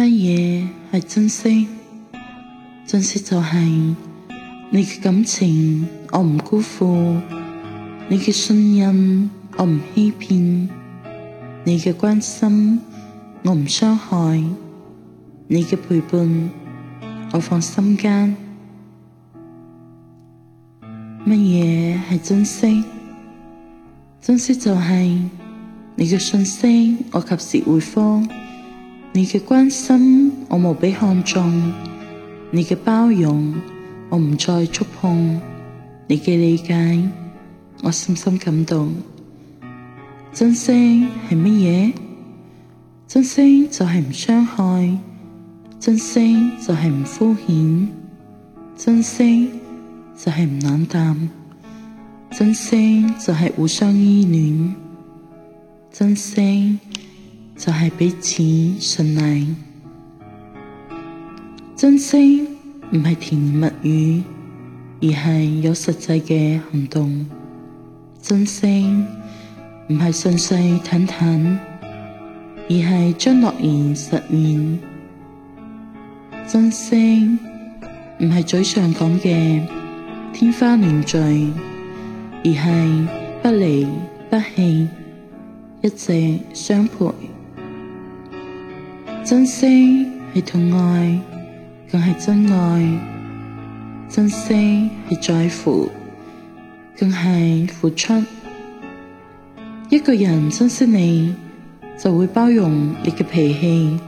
乜嘢係珍惜？珍惜就係、是、你嘅感情，我唔辜負；你嘅信任，我唔欺騙；你嘅關心，我唔傷害；你嘅陪伴，我放心間。乜嘢係珍惜？珍惜就係、是、你嘅訊息，我及時回覆。你嘅關心我無比看重，你嘅包容我唔再觸碰，你嘅理解我深深感動。珍惜係乜嘢？珍惜就係唔傷害，珍惜就係唔敷衍，珍惜就係唔冷淡，珍惜就係互相依戀，珍惜。就係彼此信賴，珍惜唔係甜言蜜語，而係有實際嘅行動；珍惜唔係信誓旦旦，而係將諾言實現；珍惜唔係嘴上講嘅天花亂墜，而係不離不棄，一直相陪。珍惜係疼愛，更係真愛；珍惜係在乎，更係付出。一個人珍惜你，就會包容你嘅脾氣，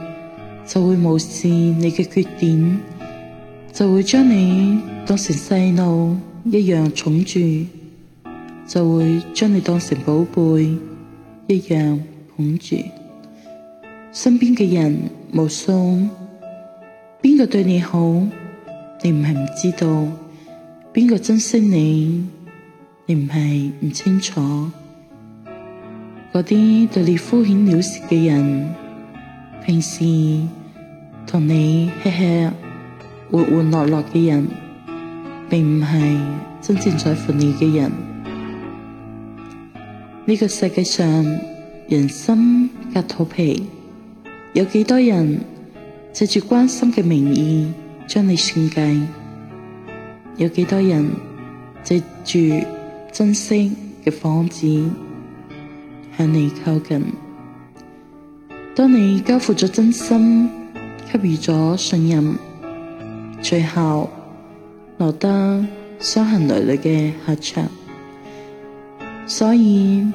就會無視你嘅缺點，就會將你當成細路一樣寵住，就會將你當成寶貝一樣捧住。身邊嘅人無數，邊個對你好，你唔係唔知道；邊個珍惜你，你唔係唔清楚。嗰啲對你敷衍了事嘅人，平時同你吃吃活活樂樂嘅人，並唔係真正在乎你嘅人。呢個世界上，人心隔肚皮。有幾多人借住關心嘅名義將你算計？有幾多人借住珍惜嘅幌子向你靠近？當你交付咗真心，給予咗信任，最後落得傷痕累累嘅下場。所以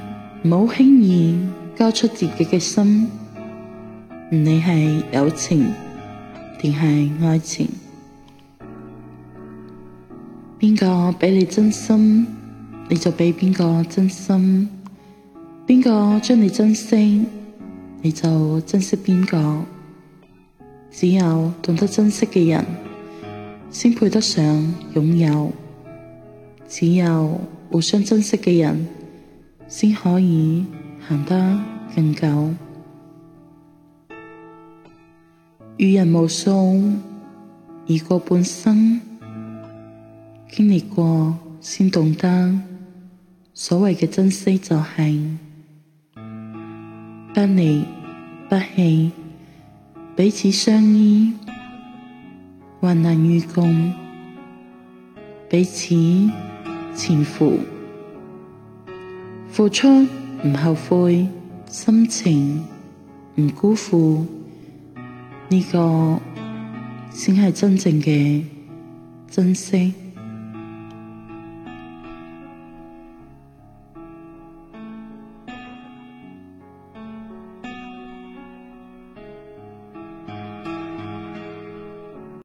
唔好輕易交出自己嘅心。唔理係友情定係愛情，邊個畀你真心，你就畀邊個真心；邊個將你珍惜，你就珍惜邊個。只有懂得珍惜嘅人，先配得上擁有；只有互相珍惜嘅人，先可以行得更久。遇人無數，而過半生，經歷過先懂得，所謂嘅珍惜就係、是、 不離不棄，彼此相依，患難與共，彼此前赴，付出唔後悔，心情唔辜負。呢個先係真正嘅珍惜。